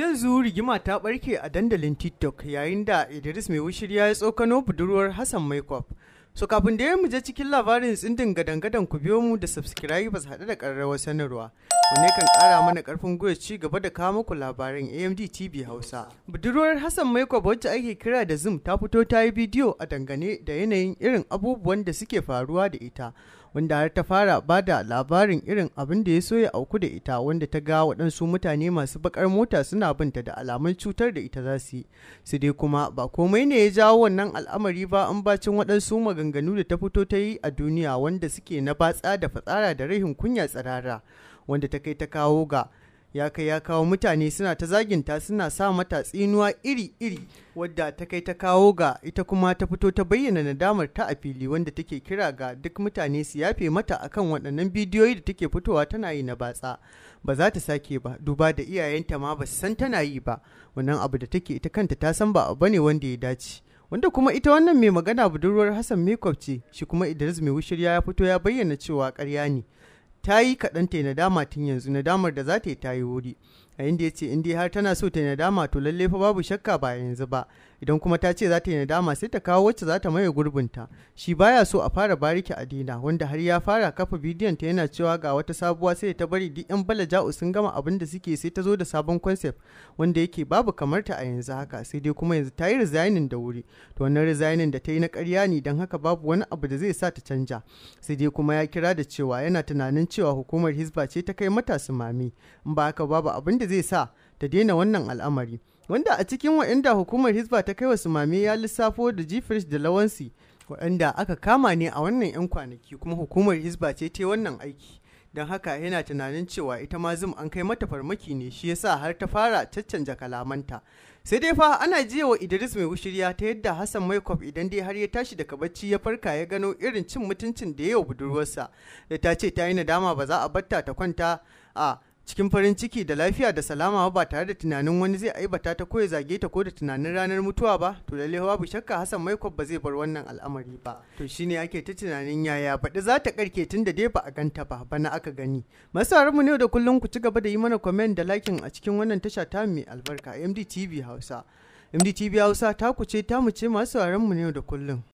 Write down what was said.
yanzu rigima ta barke a dandalin tiktok yayin da idris mai wushirya ya tsokano budurwar hassan maikop so kafin da ya je cikin labarin tsindin gadangadan ku biyo mu da subscribers haɗe da ƙararrawar sanarwa wanne kan ƙara mana ƙarfin gwiwa ci gaba da kawo muku labarin amd tv hausa budurwar hassan maikop wacce ake kira da zoom ta fito ta yi bidiyo a dangane da yanayin irin abubuwan da suke faruwa da ita wanda har ta fara ba da labarin irin abin da ya so ya auku da ita wanda ta ga waɗansu mutane masu bakar mota suna binta da alamun cutar da ita za su yi su dai kuma ba komai ne ya jawo wannan al'amari ba an bacin waɗansu maganganu da ta fito ta yi a duniya wanda suke na batsa da fatsara da rahin kunya tsirara wanda ta kai ta kawo ga ya kai ya kawo mutane suna ta zaginta suna sa mata tsinuwa iri-iri wadda ta kai ta kawo ga ita kuma ta fito ta bayyana nadamar ta a fili wanda take kira ga duk mutane su yafe mata akan waɗannan bidiyoyi da take fitowa tana yi na batsa ba za ta sake ba duba da iyayenta ma ba su san tana yi ba wannan abu da take ita kanta ta san ba abu ne wanda ya dace wanda kuma ita wannan mai magana budurwar hassan makeup ce shi kuma idris mai wushirya ya fito ya bayyana cewa karya ne ta yi kaɗan ta nadama tun yanzu nadamar da za ta yi ta yi wuri a inda ya ce indai har tana so ta yi nadama to lalle fa babu shakka ba yanzu ba idan kuma ta ce za ta yi nadama sai ta kawo wacce za ta maye gurbinta shi baya so a fara bariki a dina wanda har ya fara kafa bidiyon ta yana cewa ga wata sabuwa sai ta bari duk yan bala ja'u sun gama abin da suke sai ta zo da sabon concept wanda yake babu kamar ta a yanzu haka sai dai kuma yanzu ta yi resigning da wuri to wannan resigning da ta yi na ƙarya ne don haka babu wani abu da zai sa ta canja sai dai kuma ya kira da cewa yana tunanin cewa hukumar hisba ce ta kai mata mami in ba haka babu abin da da zai sa ta daina wannan al'amari wanda a cikin waɗanda hukumar hisba ta kai wa sumame ya lissafo da jifirish da lawansi waɗanda aka kama ne a wannan 'yan kwanaki kuma hukumar hisba ce ta wannan aiki don haka yana tunanin cewa ita ma zum an kai mata farmaki ne shi yasa har ta fara caccanja kalamanta sai dai fa ana jiyawa idris mai wushirya ta yadda hassan maikop idan dai har ya tashi daga bacci ya farka ya gano irin cin mutuncin da ya yi wa budurwarsa da ta ce ta yi nadama ba za a batta ta kwanta a cikin farin ciki da lafiya da salama ba tare da tunanin wani zai aibata ta koya ya zage ta ko da tunanin ranar mutuwa ba to lalle babu shakka Hassan Maikob ba zai bar wannan al'amari ba to shine ake ta tunanin yaya baɗi za ta karke tun da dai ba a ganta ba bana aka gani masarar mu ne da kullum ku ci gaba da yi mana comment da liking a cikin wannan tasha ta mai albarka MDTV Hausa MDTV Hausa ta ku ce ta mu ce masu mu ne da kullum